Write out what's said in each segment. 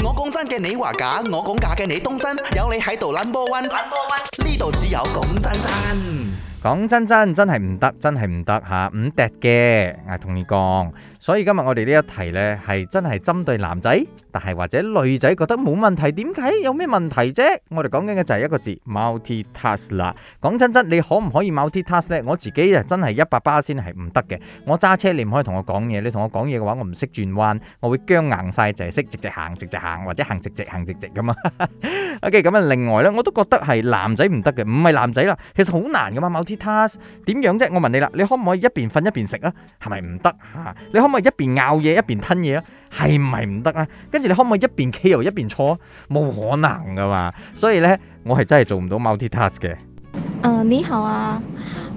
我講真嘅，你話假；我講假嘅，你當真。有你喺度，number one，number one，呢度只有講真真。講真真真係唔得，真係唔得吓，唔得嘅，我同你講，所以今日我哋呢一題咧係真係針對男仔，但係或者女仔覺得冇問題，點解有咩問題啫？我哋講緊嘅就係一個字 multitask 啦。講真真，你可唔可以 multitask 咧？我自己啊真係一百巴仙係唔得嘅。我揸車你唔可以同我講嘢，你同我講嘢嘅話我唔識轉彎，我會僵硬晒就係識直直行直直行或者行直直行直直咁啊。OK，咁啊另外咧我都覺得係男仔唔得嘅，唔係男仔啦，其實好難噶嘛 multi。task 點樣啫？我問你啦，你可唔可以一邊瞓一邊食啊？係咪唔得吓？你可唔可以一邊咬嘢一邊吞嘢啊？係唔係唔得啊？跟住你可唔可以一邊企又一邊坐？冇可能噶嘛。所以呢，我係真係做唔到 multitask 嘅。誒，uh，你好啊。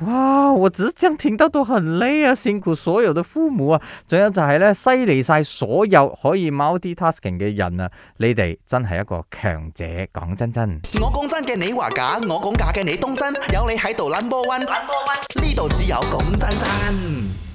哇！我直接聽聽到都很累啊，辛苦所有的父母啊，仲有就係咧犀利晒所有可以 multi-tasking 嘅人啊，你哋真係一個強者，講真真。我講真嘅，你話假；我講假嘅，你當真。有你喺度，number one，number one，呢度只有講真真。